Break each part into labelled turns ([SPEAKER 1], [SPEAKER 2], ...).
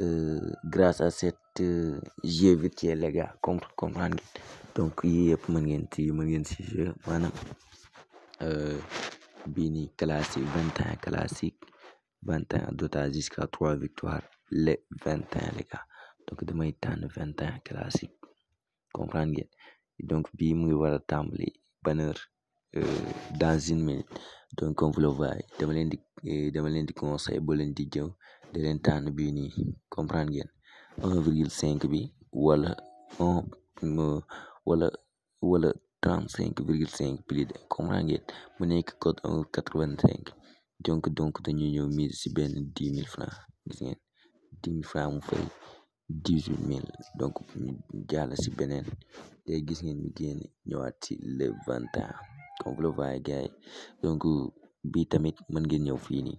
[SPEAKER 1] Euh, grâce à cette jeu vitier les gars comme comprendre donc il mën ngeen ci mën ngeen ci jeu manam euh bini classique 21 classique 21 dota jusqu'à 3 victoires les 21 les gars donc demain a 21 classique comprendre donc bi muy wara tambli bonheur euh, dans une minute donc comme vous le voyez demain len di euh, dama len di conseiller bo len di di leen tànn bii nii comprendre ngeen un virgule cinq bi wala un wala wala trente cinq virgule cinq plus de comprendre ngeen mu nekk code un quatre vingt cinq donc donc dañu ñëw mise si benn dix mille franc gis ngeen dix mille franc mu fay dix huit mille donc ñu si beneen te gis ngeen ñu génn ñëwaat si le vingt comme vous le voyez donc bii tamit mën ngeen ñëw fii nii.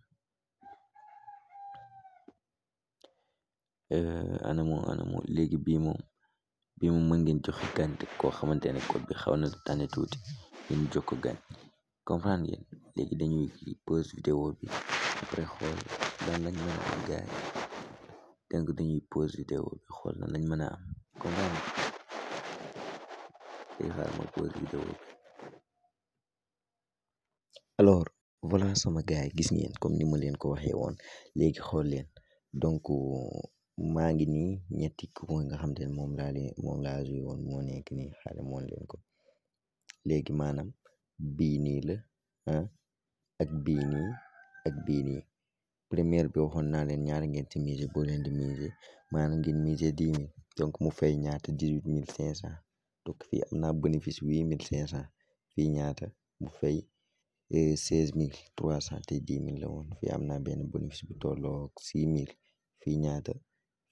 [SPEAKER 1] Euh, ana moo ana moo léegi bii moom bii moom mën ngeen joxe gan koo xamante ne code bi xaw na tane tuuti ngeen jox ko gan comprendre ngeen léegi dañuy pause vidéo bi après xool lan lañ mën a am gaay donc dañuy pause vidéo bi xool lan lañ mën a am comprendre ngeen xaar ma pause vidéo alors voilà sama gaay gis ngeen comme ni ma leen ko waxee woon léegi xool leen donc maa ngi nii ñetti coupon yi nga xam te moom laa leen moom laa joué woon moo nekk nii xaare leen ko léegi maanaam bii nii la ah, ak bii bii nii première bi waxoon naa leen ñaar ngeen ci mise boo leen di mise maanaam ngeen mise dix donc mu fay ñaata dix huit mille cinq cent donc fii am na bénéfice huit mille cinq fii ñaata mu fay euh, seize mille trois cent te dix la woon fii am naa benn bénéfice bu tolloog six mille fii ñaata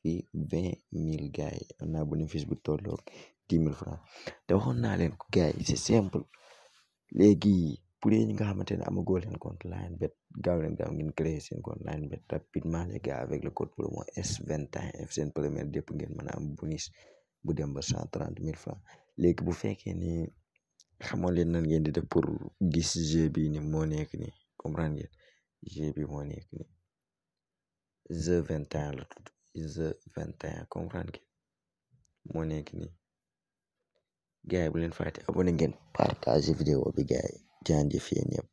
[SPEAKER 1] fii vingt mille gars yi am naa bénéfice bu tolloog dix mille franc te waxoon naa leen ko gars yi simple léegi pour yéen ñi nga xamante ne amagoo leen compte LionBet gaaw leen gaaw ngeen créer seen compte LionBet rapidement les gars avec le code promo S21F seen première dép ngeen mën a am bonus bu dem ba cent trente mille franc léegi bu fekkee ni xamoo leen nan ngeen di def pour gis jeu bi ni moo nekk ni comprendre ngeen jeu bi moo nekk ni jeu vingt et la tudd is vingt et un comprendre ngeen moo nekk nii gars yi leen fàtte abonné ngeen partage vidéo bi gars yi jaajëf yéen ñëpp